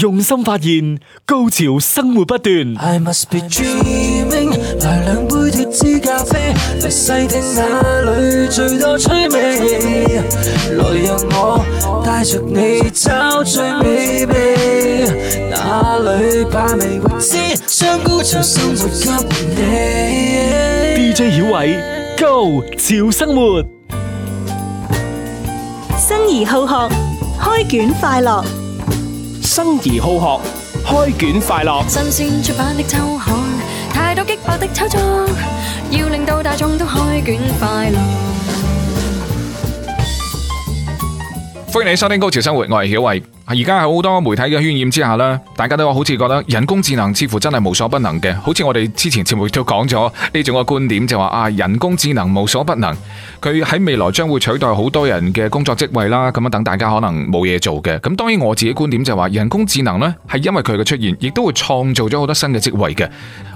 用心發現，高潮生活不斷。I must be dreaming，來兩杯脫脂咖啡，嚟細聽那裏最多趣味。來讓我帶着你找最美秘，哪裏把味先將高潮生活給你。DJ 曉偉，高潮生活，生而好學，開卷快樂。生而好學，開卷快樂。新鮮出版的秋歡迎你收聽《高潮生活》，我係曉慧。而家喺好多媒體嘅渲染之下咧，大家都好似覺得人工智能似乎真係無所不能嘅。好似我哋之前節目都講咗呢種嘅觀點，就是，就話啊人工智能無所不能，佢喺未來將會取代好多人嘅工作職位啦。咁樣等大家可能冇嘢做嘅。咁當然我自己觀點就話，是，人工智能呢係因為佢嘅出現，亦都會創造咗好多新嘅職位嘅。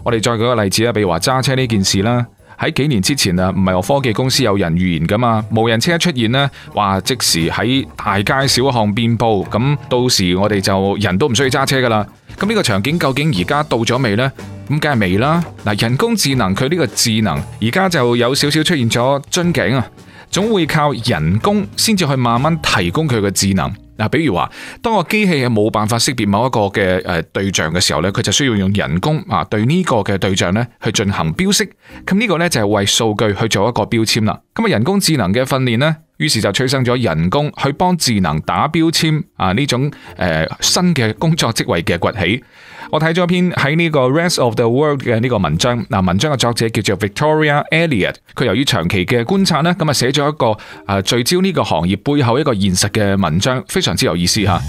我哋再舉個例子啦，比如話揸車呢件事啦。喺幾年之前啊，唔係我科技公司有人預言噶嘛，無人車出現呢，話即時喺大街小巷遍佈，咁到時我哋就人都唔需要揸車噶啦。咁呢個場景究竟而家到咗未呢？咁梗係未啦。嗱，人工智能佢呢個智能而家就有少少出現咗樽頸啊，總會靠人工先至去慢慢提供佢嘅智能。嗱，比如話，當個機器係冇辦法識別某一個嘅誒對象嘅時候咧，佢就需要用人工啊對呢個嘅對象咧去進行標識，咁呢個咧就係為數據去做一個標籤啦。咁啊，人工智能嘅訓練呢，於是就催生咗人工去幫智能打標籤啊呢種誒、呃、新嘅工作職位嘅崛起。我睇咗篇喺呢、這個 Rest of the World 嘅呢個文章，嗱文章嘅作者叫做 Victoria Elliott，佢由於長期嘅觀察呢咁啊寫咗一個誒聚焦呢個行業背後一個現實嘅文章，非常之有意思吓。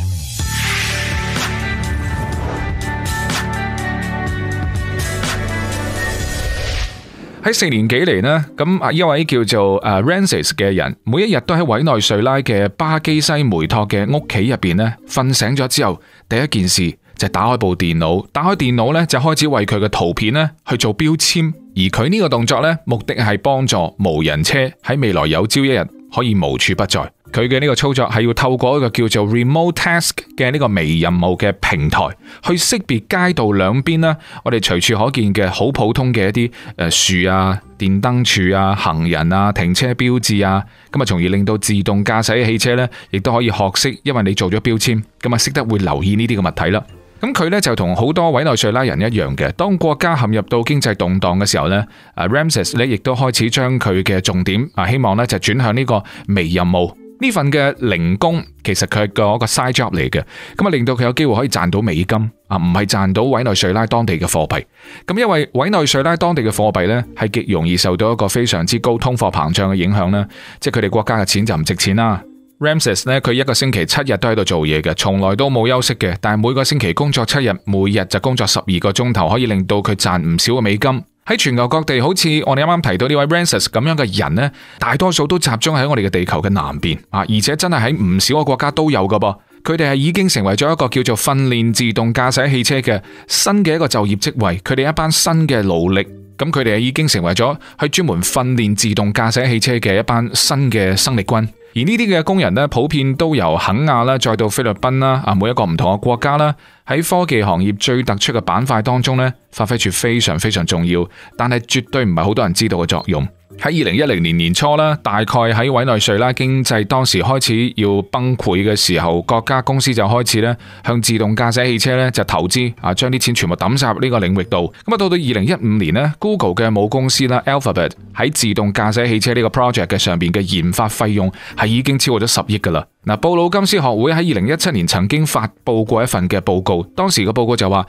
喺 四年幾嚟呢咁啊一位叫做誒 Rancis 嘅人，每一日都喺委內瑞拉嘅巴基西梅托嘅屋企入邊呢瞓醒咗之後，第一件事。就打開部電腦，打開電腦呢，就開始為佢嘅圖片呢去做標籤，而佢呢個動作呢，目的係幫助無人車喺未來有朝一日可以無處不在。佢嘅呢個操作係要透過一個叫做 Remote Task 嘅呢個微任務嘅平台去識別街道兩邊啦，我哋隨處可見嘅好普通嘅一啲誒樹啊、電燈柱啊、行人啊、停車標誌啊，咁啊，從而令到自動駕駛汽車呢，亦都可以學識，因為你做咗標籤，咁啊識得會留意呢啲嘅物體啦。咁佢咧就同好多委內瑞拉人一樣嘅，當國家陷入到經濟動盪嘅時候呢，阿 Ramses 你亦都開始將佢嘅重點啊，希望咧就轉向呢個微任務。呢份嘅零工其實佢係個一 side job 嚟嘅，咁啊令到佢有機會可以賺到美金啊，唔係賺到委內瑞拉當地嘅貨幣。咁因為委內瑞拉當地嘅貨幣呢，係極容易受到一個非常之高通貨膨脹嘅影響啦，即係佢哋國家嘅錢就唔值錢啦。Ramses 咧，佢一個星期七日都喺度做嘢嘅，從來都冇休息嘅。但係每個星期工作七日，每日就工作十二個鐘頭，可以令到佢賺唔少嘅美金。喺全球各地，好似我哋啱啱提到呢位 Ramses 咁樣嘅人呢，大多數都集中喺我哋嘅地球嘅南邊啊，而且真係喺唔少個國家都有㗎噃。佢哋係已經成為咗一個叫做訓練自動駕駛汽車嘅新嘅一個就業職位。佢哋一班新嘅勞力，咁佢哋係已經成為咗去專門訓練自動駕駛汽車嘅一班新嘅生力軍。而呢啲嘅工人咧，普遍都由肯亞啦，再到菲律賓啦，啊，每一個唔同嘅國家啦，喺科技行業最突出嘅板塊當中咧，發揮住非常非常重要，但係絕對唔係好多人知道嘅作用。喺二零一零年年初啦，大概喺委內瑞拉經濟當時開始要崩潰嘅時候，國家公司就開始咧向自動駕駛汽車咧就投資，啊，將啲錢全部抌晒入呢個領域度。咁啊，到到二零一五年呢 Google 嘅母公司啦 Alphabet 喺自動駕駛汽車呢個 project 嘅上邊嘅研發費用係已經超過咗十億㗎喇。布魯金斯學會喺二零一七年曾經發布過一份嘅報告，當時個報告就話，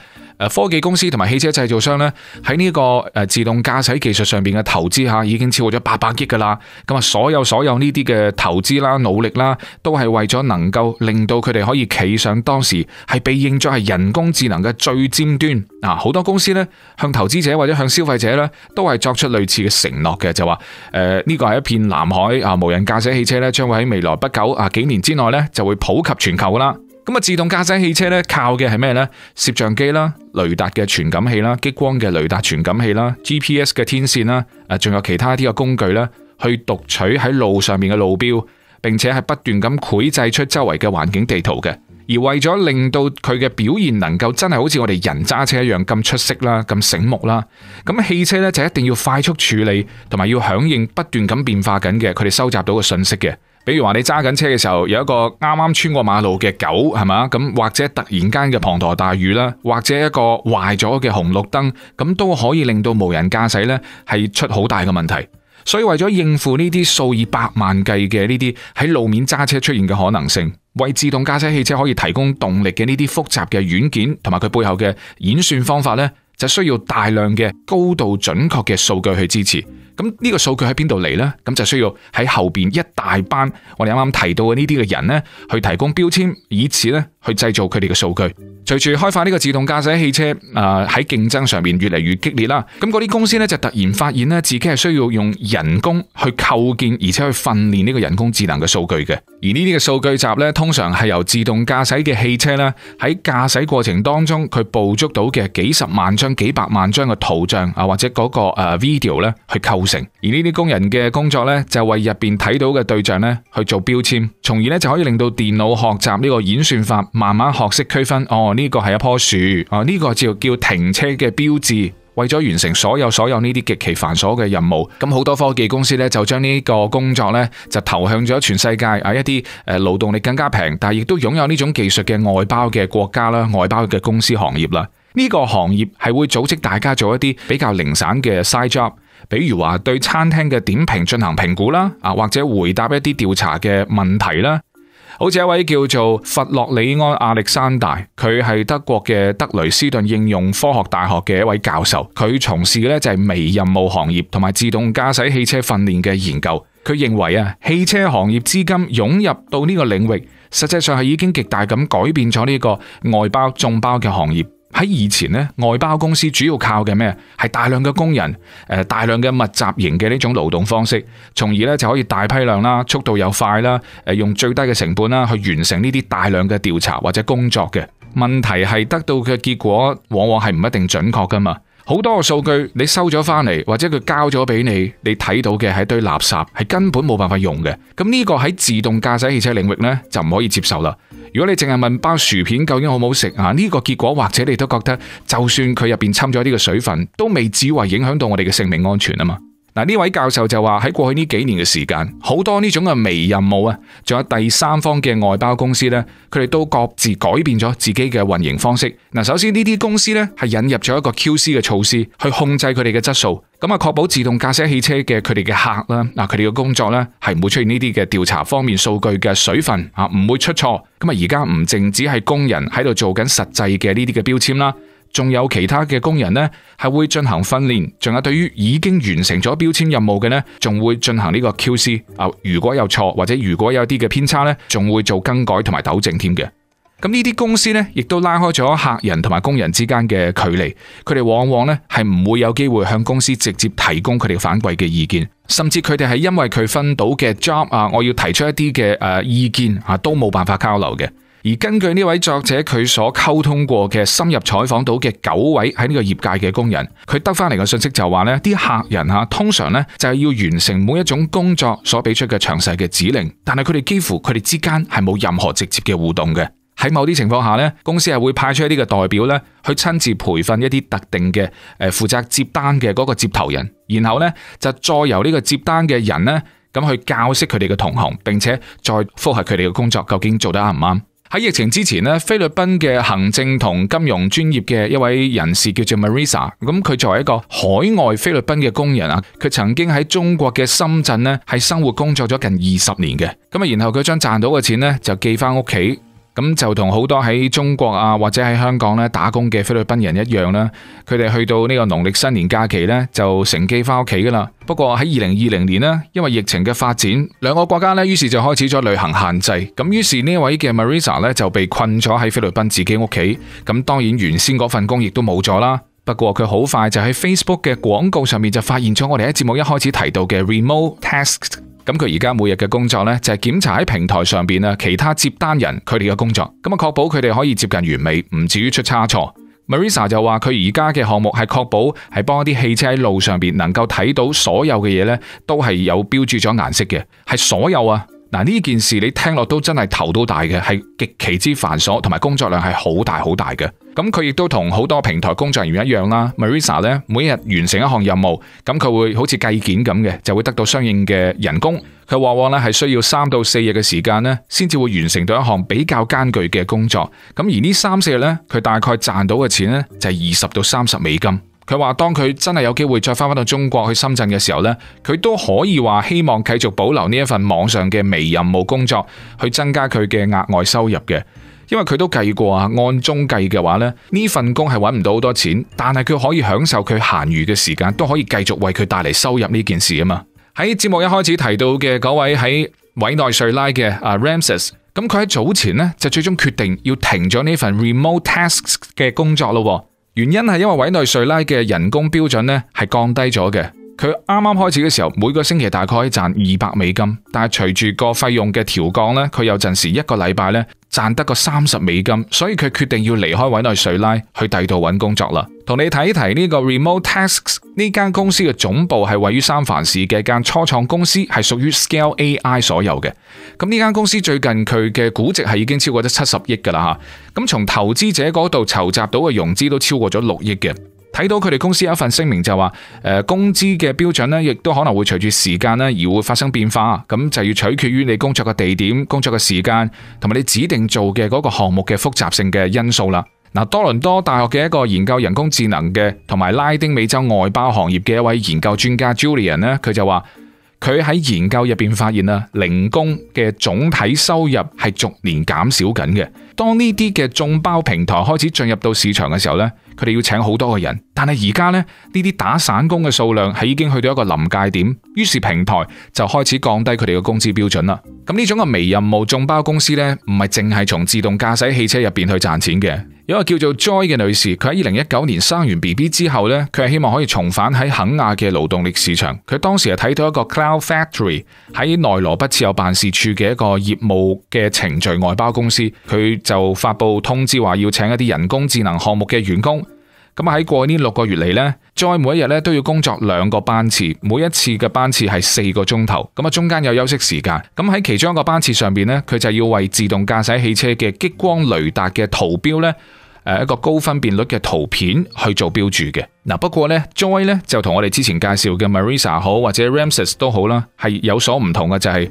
科技公司同埋汽車製造商咧喺呢個誒自動駕駛技術上邊嘅投資嚇已經超過咗八百億噶啦，咁啊所有所有呢啲嘅投資啦、努力啦，都係為咗能夠令到佢哋可以企上當時係被認作係人工智能嘅最尖端，嗱好多公司咧向投資者或者向消費者咧都係作出類似嘅承諾嘅，就話誒呢個係一片藍海啊，無人駕駛汽車咧將會喺未來不久啊幾年之內咧就會普及全球噶啦。咁啊，自動駕駛汽車咧靠嘅係咩呢？攝像機啦、雷達嘅傳感器啦、激光嘅雷達傳感器啦、GPS 嘅天線啦，誒，仲有其他啲嘅工具啦，去讀取喺路上面嘅路標，並且係不斷咁繪製出周圍嘅環境地圖嘅。而為咗令到佢嘅表現能夠真係好似我哋人揸車一樣咁出色啦、咁醒目啦，咁汽車咧就一定要快速處理，同埋要響應不斷咁變化緊嘅佢哋收集到嘅信息嘅。比如話你揸緊車嘅時候，有一個啱啱穿過馬路嘅狗，係嘛？咁或者突然間嘅滂沱大雨啦，或者一個壞咗嘅紅綠燈，咁都可以令到無人駕駛呢係出好大嘅問題。所以為咗應付呢啲數以百萬計嘅呢啲喺路面揸車出現嘅可能性，為自動駕駛汽車可以提供動力嘅呢啲複雜嘅軟件同埋佢背後嘅演算方法呢，就需要大量嘅高度準確嘅數據去支持，咁呢個數據喺邊度嚟呢？咁就需要喺後面一大班我哋啱啱提到嘅呢啲嘅人呢，去提供標籤，以此呢。去製造佢哋嘅數據。隨住開發呢個自動駕駛汽車，誒喺競爭上面越嚟越激烈啦。咁嗰啲公司咧就突然發現咧，自己係需要用人工去構建而且去訓練呢個人工智能嘅數據嘅。而呢啲嘅數據集咧，通常係由自動駕駛嘅汽車咧喺駕駛過程當中佢捕捉到嘅幾十萬張、幾百萬張嘅圖像啊，或者嗰個誒 video 咧去構成。而呢啲工人嘅工作咧就為入邊睇到嘅對象咧去做標籤，從而咧就可以令到電腦學習呢個演算法。慢慢學識區分，哦呢、這個係一棵樹，啊、這、呢個就叫停車嘅標誌。為咗完成所有所有呢啲極其繁瑣嘅任務，咁好多科技公司呢就將呢個工作呢就投向咗全世界啊一啲誒勞動力更加平，但係亦都擁有呢種技術嘅外包嘅國家啦，外包嘅公司行業啦。呢、這個行業係會組織大家做一啲比較零散嘅 side job，比如話對餐廳嘅點評進行評估啦，啊或者回答一啲調查嘅問題啦。好似一位叫做佛洛里安·亞歷山大，佢係德國嘅德雷斯頓應用科學大學嘅一位教授，佢從事嘅呢就係微任務行業同埋自動駕駛汽車訓練嘅研究。佢認為啊，汽車行業資金湧入到呢個領域，實際上係已經極大咁改變咗呢個外包眾包嘅行業。喺以前呢，外包公司主要靠嘅咩？係大量嘅工人，誒，大量嘅密集型嘅呢種勞動方式，從而呢就可以大批量啦，速度又快啦，誒，用最低嘅成本啦，去完成呢啲大量嘅調查或者工作嘅。問題係得到嘅結果，往往係唔一定準確噶嘛。好多數據你收咗翻嚟，或者佢交咗俾你，你睇到嘅係一堆垃圾，係根本冇辦法用嘅。咁呢個喺自動駕駛汽車領域呢，就唔可以接受啦。如果你淨係問包薯片究竟好唔好食啊，呢個結果或者你都覺得，就算佢入邊摻咗啲嘅水分，都未至於影響到我哋嘅性命安全啊嘛。嗱，呢位教授就話喺過去呢幾年嘅時間，好多呢種嘅微任務啊，仲有第三方嘅外包公司呢，佢哋都各自改變咗自己嘅運營方式。嗱，首先呢啲公司呢係引入咗一個 QC 嘅措施，去控制佢哋嘅質素，咁啊，確保自動駕駛汽車嘅佢哋嘅客啦，嗱，佢哋嘅工作呢係唔會出現呢啲嘅調查方面數據嘅水分啊，唔會出錯。咁啊，而家唔淨止係工人喺度做緊實際嘅呢啲嘅標籤啦。仲有其他嘅工人呢，係會進行訓練；仲有對於已經完成咗標籤任務嘅呢，仲會進行呢個 QC。啊，如果有錯或者如果有啲嘅偏差呢，仲會做更改同埋糾正添嘅。咁呢啲公司呢，亦都拉開咗客人同埋工人之間嘅距離。佢哋往往呢，係唔會有機會向公司直接提供佢哋反饋嘅意見，甚至佢哋係因為佢分到嘅 job 啊，我要提出一啲嘅誒意見啊，都冇辦法交流嘅。而根據呢位作者佢所溝通過嘅深入採訪到嘅九位喺呢個業界嘅工人，佢得返嚟嘅信息就係話咧，啲客人嚇通常呢就係要完成每一種工作所俾出嘅詳細嘅指令，但係佢哋幾乎佢哋之間係冇任何直接嘅互動嘅。喺某啲情況下呢，公司係會派出一啲嘅代表呢去親自培訓一啲特定嘅誒負責接單嘅嗰個接頭人，然後呢就再由呢個接單嘅人呢咁去教識佢哋嘅同行，並且再複核佢哋嘅工作究竟做得啱唔啱。喺疫情之前咧，菲律賓嘅行政同金融專業嘅一位人士叫做 Marisa，咁佢作為一個海外菲律賓嘅工人啊，佢曾經喺中國嘅深圳咧係生活工作咗近二十年嘅，咁然後佢將賺到嘅錢咧就寄返屋企。咁就同好多喺中國啊或者喺香港咧打工嘅菲律賓人一樣啦，佢哋去到呢個農曆新年假期呢，就乘機翻屋企噶啦。不過喺二零二零年呢，因為疫情嘅發展，兩個國家呢於是就開始咗旅行限制。咁於是呢位嘅 Marisa 呢，就被困咗喺菲律賓自己屋企。咁當然原先嗰份工亦都冇咗啦。不過佢好快就喺 Facebook 嘅廣告上面就發現咗我哋喺節目一開始提到嘅 remote task。咁佢而家每日嘅工作咧，就係檢查喺平台上邊啦，其他接單人佢哋嘅工作，咁啊確保佢哋可以接近完美，唔至於出差錯。Marissa 就話佢而家嘅項目係確保係幫一啲汽車喺路上邊能夠睇到所有嘅嘢咧，都係有標注咗顏色嘅，係所有啊。嗱呢件事你聽落都真係頭都大嘅，係極其之繁瑣，同埋工作量係好大好大嘅。咁佢亦都同好多平台工作人員一樣啦。Marissa 呢，每日完成一項任務，咁佢會好似計件咁嘅，就會得到相應嘅人工。佢往往呢係需要三到四日嘅時間呢，先至會完成到一項比較艱巨嘅工作。咁而呢三四日呢，佢大概賺到嘅錢呢，就係二十到三十美金。佢話當佢真係有機會再返返到中國去深圳嘅時候呢，佢都可以話希望繼續保留呢一份網上嘅微任務工作，去增加佢嘅額外收入嘅。因為佢都計過啊，按中計嘅話咧，呢份工係揾唔到好多錢，但係佢可以享受佢閒餘嘅時間，都可以繼續為佢帶嚟收入呢件事啊嘛。喺節目一開始提到嘅嗰位喺委內瑞拉嘅阿 Ramses，咁佢喺早前呢就最終決定要停咗呢份 remote tasks 嘅工作咯。原因係因為委內瑞拉嘅人工標準降低咗，佢啱啱開始嘅時候，每個星期大概賺二百美金，但係隨住個費用嘅調降，呢佢有陣時一個禮拜呢賺得個三十美金，所以佢決定要離開委內瑞拉去第二度搵工作啦。同你提一提呢個 Remote Tasks 呢間公司嘅總部係位於三藩市嘅一間初創公司，係屬於 Scale AI 所有嘅。咁呢間公司最近佢嘅估值係已經超過咗七十億噶啦吓。咁從投資者嗰度籌集到嘅融資都超過咗六億嘅。睇到佢哋公司一份聲明就話，誒工資嘅標準呢亦都可能會隨住時間呢而會發生變化，咁就要取決於你工作嘅地點、工作嘅時間同埋你指定做嘅嗰個項目嘅複雜性嘅因素啦。嗱，多倫多大學嘅一個研究人工智能嘅同埋拉丁美洲外包行業嘅一位研究專家 Julian 呢，佢就話，佢喺研究入邊發現啊，零工嘅總體收入係逐年減少緊嘅。當呢啲嘅眾包平台開始進入到市場嘅時候呢。佢哋要請好多個人，但係而家呢呢啲打散工嘅數量係已經去到一個臨界點，於是平台就開始降低佢哋嘅工資標準啦。咁呢種嘅微任務眾包公司呢，唔係淨係從自動駕駛汽車入邊去賺錢嘅。有個叫做 Joy 嘅女士，佢喺二零一九年生完 BB 之後呢，佢係希望可以重返喺肯亞嘅勞動力市場。佢當時係睇到一個 Cloud Factory 喺內羅畢設有辦事處嘅一個業務嘅程序外包公司，佢就發布通知話要請一啲人工智能項目嘅員工。咁喺過去六個月嚟呢 Joy 每一日咧都要工作兩個班次，每一次嘅班次係四個鐘頭，咁啊中間有休息時間。咁喺其中一個班次上邊呢，佢就要為自動駕駛汽車嘅激光雷達嘅圖標呢，誒一個高分辨率嘅圖片去做標注嘅。嗱，不過呢 Joy 呢就同我哋之前介紹嘅 Marissa 好或者 Ramses 都好啦，係有所唔同嘅、就係，就係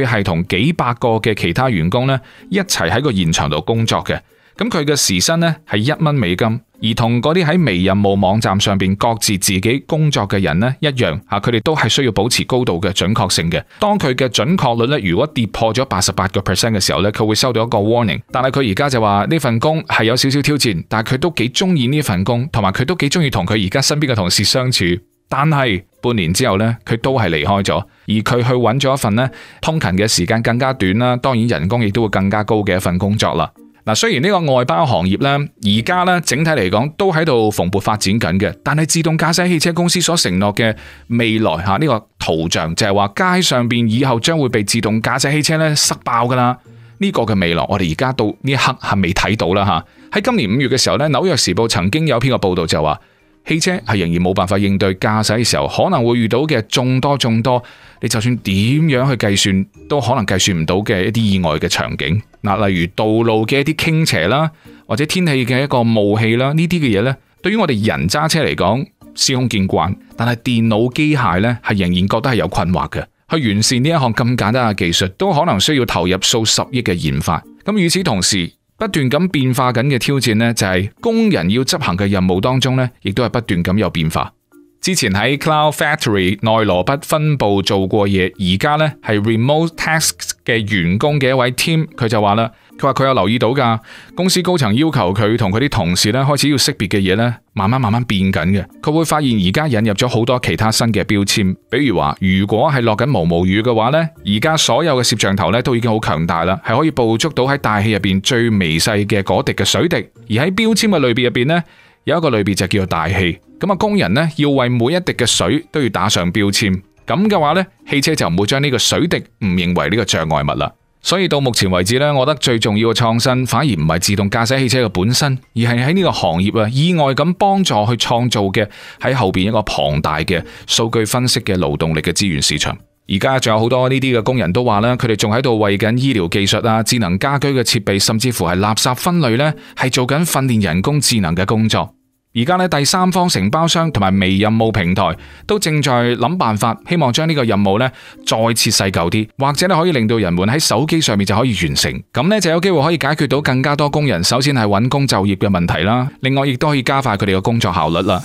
佢係同幾百個嘅其他員工呢，一齊喺個現場度工作嘅。咁佢嘅時薪咧係一蚊美金，而同嗰啲喺微任務網站上邊各自自己工作嘅人咧一樣，吓佢哋都係需要保持高度嘅準確性嘅。當佢嘅準確率咧如果跌破咗八十八個 percent 嘅時候咧，佢會收到一個 warning 但。但係佢而家就話呢份工係有少少挑戰，但係佢都幾中意呢份工，同埋佢都幾中意同佢而家身邊嘅同事相處。但係半年之後咧，佢都係離開咗，而佢去揾咗一份咧通勤嘅時間更加短啦，當然人工亦都會更加高嘅一份工作啦。嗱，雖然呢個外包行業呢，而家呢，整體嚟講都喺度蓬勃發展緊嘅，但係自動駕駛汽車公司所承諾嘅未來嚇呢個圖像就係話街上邊以後將會被自動駕駛汽車呢塞爆噶啦，呢個嘅未來，我哋而家到呢一刻係未睇到啦嚇。喺今年五月嘅時候呢，《紐約時報》曾經有篇個報導就話。汽車係仍然冇辦法應對駕駛嘅時候，可能會遇到嘅眾多眾多，你就算點樣去計算，都可能計算唔到嘅一啲意外嘅場景。嗱，例如道路嘅一啲傾斜啦，或者天氣嘅一個霧氣啦，呢啲嘅嘢呢，對於我哋人揸車嚟講，司空見慣，但係電腦機械呢，係仍然覺得係有困惑嘅。去完善呢一項咁簡單嘅技術，都可能需要投入數十億嘅研發。咁與此同時。不斷咁變化緊嘅挑戰呢，就係工人要執行嘅任務當中呢，亦都係不斷咁有變化。之前喺 Cloud Factory 內羅畢分部做過嘢，而家呢係 Remote Tasks 嘅員工嘅一位 team，佢就話啦。佢話佢有留意到噶，公司高層要求佢同佢啲同事咧開始要識別嘅嘢咧，慢慢慢慢變緊嘅。佢會發現而家引入咗好多其他新嘅標籤，比如話如果係落緊毛毛雨嘅話呢，而家所有嘅攝像頭咧都已經好強大啦，係可以捕捉到喺大氣入邊最微細嘅嗰滴嘅水滴。而喺標籤嘅類別入邊呢，有一個類別就叫做大氣。咁啊，工人呢要為每一滴嘅水都要打上標籤。咁嘅話呢，汽車就唔會將呢個水滴誤認為呢個障礙物啦。所以到目前為止咧，我覺得最重要嘅創新反而唔係自動駕駛汽車嘅本身，而係喺呢個行業啊意外咁幫助去創造嘅喺後邊一個龐大嘅數據分析嘅勞動力嘅資源市場。而家仲有好多呢啲嘅工人都話呢，佢哋仲喺度為緊醫療技術啊、智能家居嘅設備，甚至乎係垃圾分類呢係做緊訓練人工智能嘅工作。而家咧，第三方承包商同埋微任務平台都正在諗辦法，希望將呢個任務呢再切細舊啲，或者咧可以令到人們喺手機上面就可以完成，咁呢就有機會可以解決到更加多工人首先係揾工就業嘅問題啦。另外，亦都可以加快佢哋嘅工作效率啦。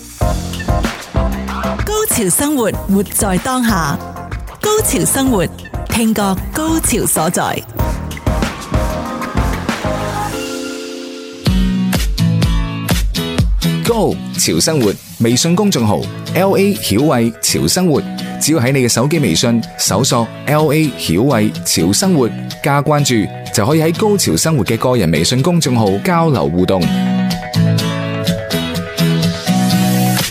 高潮生活，活在當下。高潮生活，聽覺高潮所在。Go 潮生活微信公眾號，LA 曉慧潮生活，只要喺你嘅手機微信搜索 LA 曉慧潮生活加關注，就可以喺高潮生活嘅個人微信公眾號交流互動。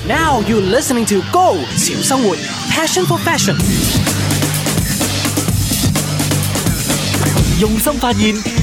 Now you're listening to Go 潮生活，Passion for Fashion，用心發現。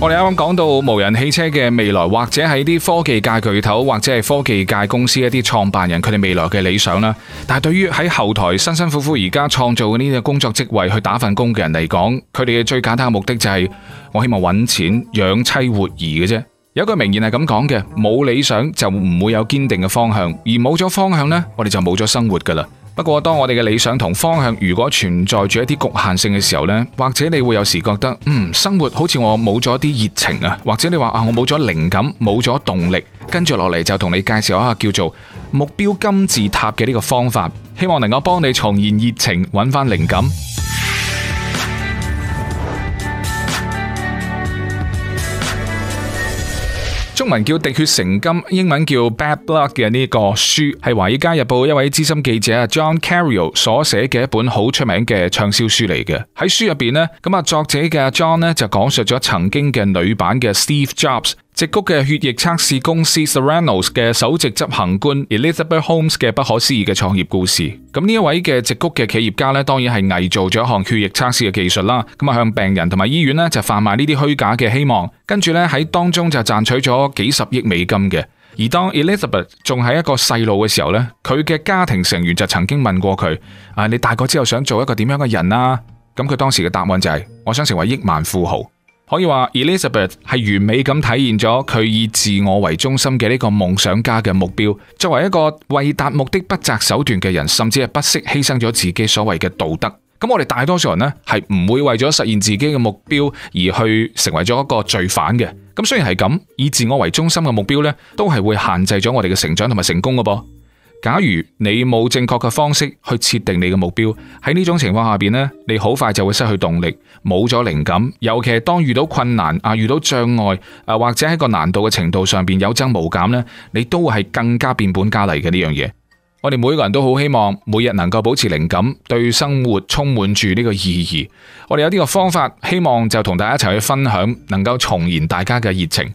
我哋啱啱講到無人汽車嘅未來，或者係啲科技界巨頭，或者係科技界公司一啲創辦人，佢哋未來嘅理想啦。但係對於喺後台辛辛苦苦而家創造嘅呢個工作職位去打份工嘅人嚟講，佢哋嘅最簡單嘅目的就係我希望揾錢養妻活兒嘅啫。有一個名言係咁講嘅：冇理想就唔會有堅定嘅方向，而冇咗方向呢，我哋就冇咗生活噶啦。不過當我哋嘅理想同方向如果存在住一啲局限性嘅時候呢，或者你會有時覺得，嗯，生活好似我冇咗啲熱情啊，或者你話啊，我冇咗靈感，冇咗動力，跟住落嚟就同你介紹一下叫做目標金字塔嘅呢個方法，希望能夠幫你重現熱情，揾翻靈感。中文叫《滴血成金》，英文叫《Bad Blood》嘅呢個書，係《華爾街日報》一位資深記者 John Carreyrou 所寫嘅一本好出名嘅暢銷書嚟嘅。喺書入邊咧，咁啊作者嘅 John 咧就講述咗曾經嘅女版嘅 Steve Jobs。矽谷嘅血液測試公司 Theranos 嘅首席執行官 Elizabeth Holmes 嘅不可思議嘅創業故事。咁呢一位嘅矽谷嘅企業家咧，當然係偽造咗一項血液測試嘅技術啦。咁啊，向病人同埋醫院咧就販賣呢啲虛假嘅希望，跟住咧喺當中就賺取咗幾十億美金嘅。而當 Elizabeth 仲係一個細路嘅時候咧，佢嘅家庭成員就曾經問過佢，啊，你大個之後想做一個點樣嘅人啊？咁佢當時嘅答案就係、是，我想成為億萬富豪。可以話 Elizabeth 係完美咁體現咗佢以自我為中心嘅呢個夢想家嘅目標。作為一個為達目的不擇手段嘅人，甚至係不惜犧牲咗自己所謂嘅道德。咁我哋大多數人呢，係唔會為咗實現自己嘅目標而去成為咗一個罪犯嘅。咁雖然係咁，以自我為中心嘅目標呢，都係會限制咗我哋嘅成長同埋成功㗎噃。假如你冇正確嘅方式去設定你嘅目標，喺呢種情況下邊呢，你好快就會失去動力，冇咗靈感。尤其係當遇到困難啊，遇到障礙啊，或者喺個難度嘅程度上邊有增無減呢，你都係更加變本加厲嘅呢樣嘢。我哋每個人都好希望每日能夠保持靈感，對生活充滿住呢個意義。我哋有呢個方法，希望就同大家一齊去分享，能夠重燃大家嘅熱情。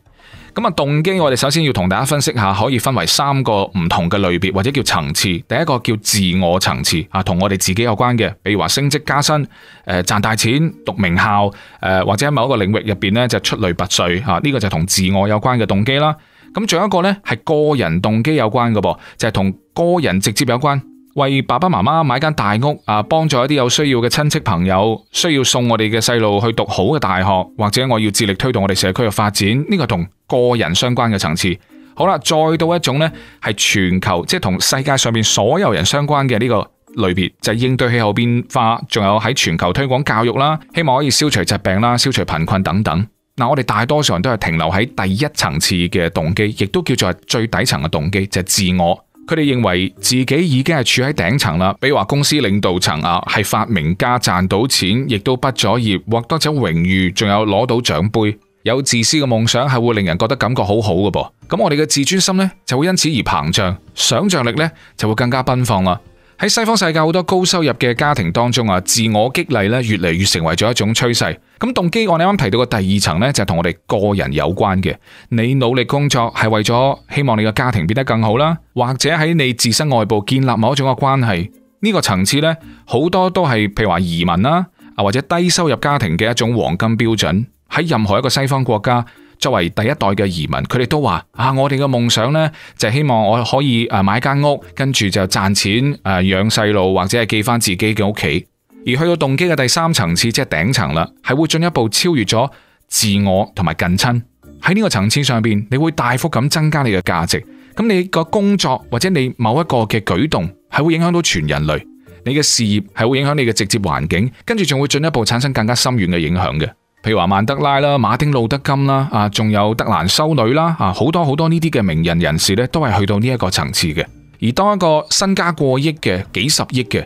咁啊，動機我哋首先要同大家分析下，可以分為三個唔同嘅類別或者叫層次。第一個叫自我層次啊，同我哋自己有關嘅，比如話升職加薪、誒賺大錢、讀名校、誒或者喺某一個領域入邊呢，就出類拔萃啊，呢、這個就同自我有關嘅動機啦。咁仲有一個呢，係個人動機有關嘅噃，就係、是、同個人直接有關。為爸爸媽媽買間大屋，啊，幫助一啲有需要嘅親戚朋友，需要送我哋嘅細路去讀好嘅大學，或者我要致力推動我哋社區嘅發展，呢個同個人相關嘅層次。好啦，再到一種呢，係全球，即係同世界上面所有人相關嘅呢個類別，就係應對氣候變化，仲有喺全球推廣教育啦，希望可以消除疾病啦，消除貧困等等。嗱，我哋大多數人都係停留喺第一層次嘅動機，亦都叫做最底層嘅動機，就係自我。佢哋認為自己已經係處喺頂層啦，比如話公司領導層啊，係發明家賺到錢，亦都畢咗業，獲得咗榮譽，仲有攞到獎杯，有自私嘅夢想係會令人覺得感覺好好嘅噃。咁我哋嘅自尊心呢就會因此而膨脹，想象力呢就會更加奔放啦。喺西方世界好多高收入嘅家庭當中啊，自我激勵咧越嚟越成為咗一種趨勢。咁動機我哋啱啱提到嘅第二層咧，就係同我哋個人有關嘅。你努力工作係為咗希望你嘅家庭變得更好啦，或者喺你自身外部建立某一種嘅關係。呢個層次咧，好多都係譬如話移民啦，啊或者低收入家庭嘅一種黃金標準。喺任何一個西方國家。作為第一代嘅移民，佢哋都話：啊，我哋嘅夢想呢，就係希望我可以誒買間屋，跟住就賺錢誒、呃、養細路或者係寄翻自己嘅屋企。而去到動機嘅第三層次，即係頂層啦，係會進一步超越咗自我同埋近親。喺呢個層次上邊，你會大幅咁增加你嘅價值。咁你個工作或者你某一個嘅舉動，係會影響到全人類。你嘅事業係會影響你嘅直接環境，跟住仲會進一步產生更加深遠嘅影響嘅。譬如話曼德拉啦、馬丁路德金啦，啊，仲有德蘭修女啦，啊，好多好多呢啲嘅名人人士咧，都係去到呢一個層次嘅。而當一個身家過億嘅、幾十億嘅，誒，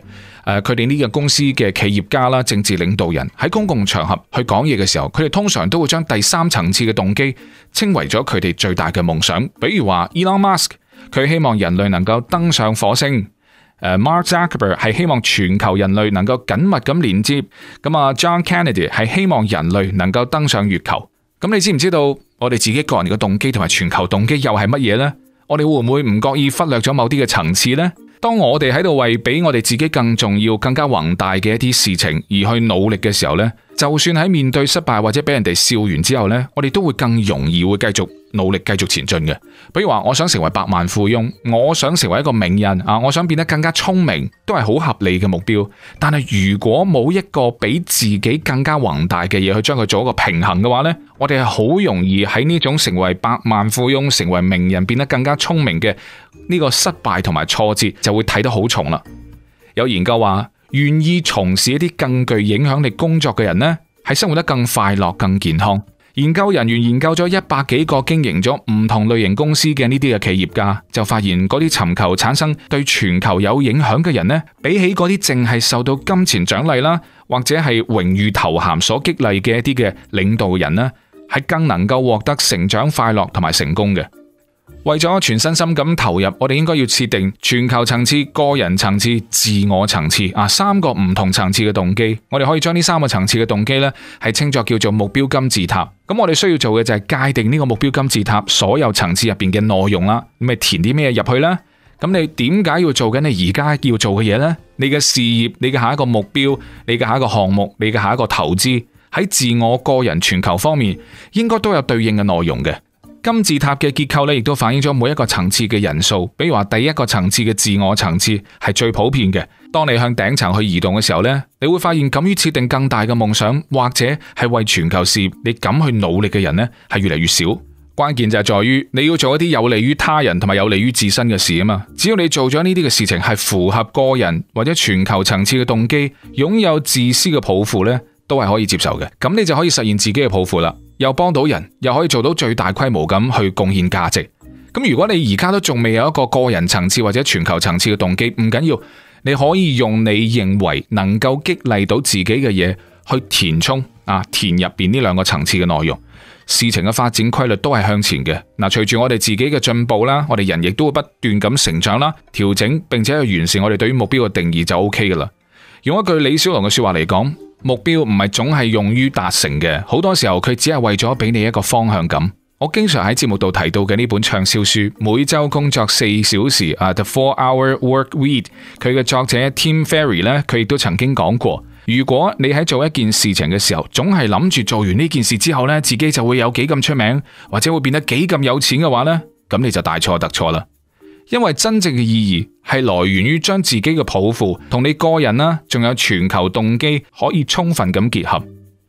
佢哋呢個公司嘅企業家啦、政治領導人喺公共場合去講嘢嘅時候，佢哋通常都會將第三層次嘅動機稱為咗佢哋最大嘅夢想，比如話 Elon Musk，佢希望人類能夠登上火星。Mark Zuckerberg 係希望全球人類能夠緊密咁連接，咁啊，John Kennedy 係希望人類能夠登上月球。咁你知唔知道我哋自己個人嘅動機同埋全球動機又係乜嘢呢？我哋會唔會唔覺意忽略咗某啲嘅層次呢？當我哋喺度為比我哋自己更重要、更加宏大嘅一啲事情而去努力嘅時候呢。就算喺面對失敗或者俾人哋笑完之後呢，我哋都會更容易會繼續努力、繼續前進嘅。比如話，我想成為百萬富翁，我想成為一個名人啊，我想變得更加聰明，都係好合理嘅目標。但係如果冇一個比自己更加宏大嘅嘢，去將佢做一個平衡嘅話呢，我哋係好容易喺呢種成為百萬富翁、成為名人、變得更加聰明嘅呢個失敗同埋挫折，就會睇得好重啦。有研究話。願意從事一啲更具影響力工作嘅人呢，係生活得更快樂、更健康。研究人員研究咗一百幾個經營咗唔同類型公司嘅呢啲嘅企業家，就發現嗰啲尋求產生對全球有影響嘅人呢，比起嗰啲淨係受到金錢獎勵啦，或者係榮譽頭銜所激勵嘅一啲嘅領導人呢，係更能夠獲得成長、快樂同埋成功嘅。為咗全身心咁投入，我哋應該要設定全球層次、個人層次、自我層次啊三個唔同層次嘅動機。我哋可以將呢三個層次嘅動機呢，係稱作叫做目標金字塔。咁我哋需要做嘅就係界定呢個目標金字塔所有層次入邊嘅內容啦。咁咪填啲咩入去呢？咁你點解要做緊你而家要做嘅嘢呢？你嘅事業、你嘅下一個目標、你嘅下一個項目、你嘅下一個投資喺自我、個人、全球方面，應該都有對應嘅內容嘅。金字塔嘅結構咧，亦都反映咗每一個層次嘅人數。比如話第一個層次嘅自我層次係最普遍嘅。當你向頂層去移動嘅時候咧，你會發現敢於設定更大嘅夢想，或者係為全球事業你敢去努力嘅人咧，係越嚟越少。關鍵就係在於你要做一啲有利於他人同埋有利於自身嘅事啊嘛。只要你做咗呢啲嘅事情係符合個人或者全球層次嘅動機，擁有自私嘅抱負咧，都係可以接受嘅。咁你就可以實現自己嘅抱負啦。又幫到人，又可以做到最大規模咁去貢獻價值。咁如果你而家都仲未有一個個人層次或者全球層次嘅動機，唔緊要，你可以用你認為能夠激勵到自己嘅嘢去填充啊，填入邊呢兩個層次嘅內容。事情嘅發展規律都係向前嘅。嗱，隨住我哋自己嘅進步啦，我哋人亦都會不斷咁成長啦，調整並且去完善我哋對於目標嘅定義就 OK 噶啦。用一句李小龍嘅說話嚟講。目標唔係總係用於達成嘅，好多時候佢只係為咗俾你一個方向感。我經常喺節目度提到嘅呢本暢銷書《每周工作四小時》啊，《The Four Hour Work Week》，佢嘅作者 Tim Ferry 咧，佢亦都曾經講過，如果你喺做一件事情嘅時候，總係諗住做完呢件事之後呢，自己就會有幾咁出名或者會變得幾咁有錢嘅話呢，咁你就大錯特錯啦。因為真正嘅意義係來源於將自己嘅抱負同你個人啦，仲有全球動機可以充分咁結合。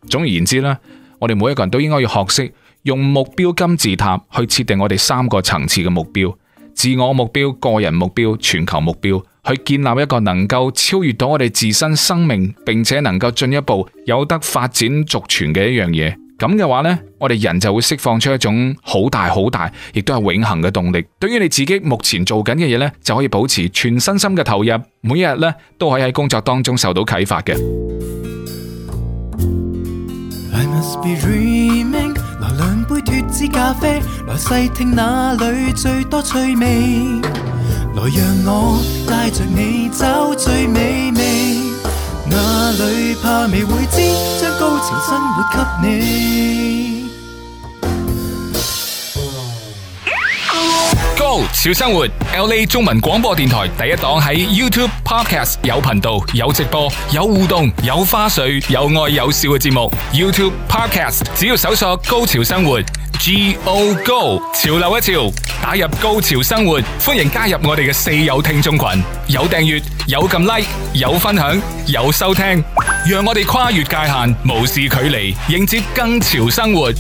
總而言之啦，我哋每一個人都應該要學識用目標金字塔去設定我哋三個層次嘅目標：自我目標、個人目標、全球目標，去建立一個能夠超越到我哋自身生命，並且能夠進一步有得發展續存嘅一樣嘢。咁嘅話呢，我哋人就會釋放出一種好大好大，亦都係永恆嘅動力。對於你自己目前做緊嘅嘢呢，就可以保持全身心嘅投入，每一日呢，都可以喺工作當中受到啟發嘅。I must be dreaming，拿兩杯脫脂咖啡，來細聽哪裏最多趣味，來讓我帶着你找最美味。怕未會知將高潮生活，給你高潮生活，LA 中文廣播電台第一檔喺 YouTube Podcast 有頻道、有直播、有互動、有花絮、有愛有笑嘅節目。YouTube Podcast 只要搜索“高潮生活”。G O Go，潮流一潮，打入高潮生活，歡迎加入我哋嘅四友聽眾群，有訂閱，有撳 Like，有分享，有收聽，讓我哋跨越界限，無視距離，迎接更潮生活。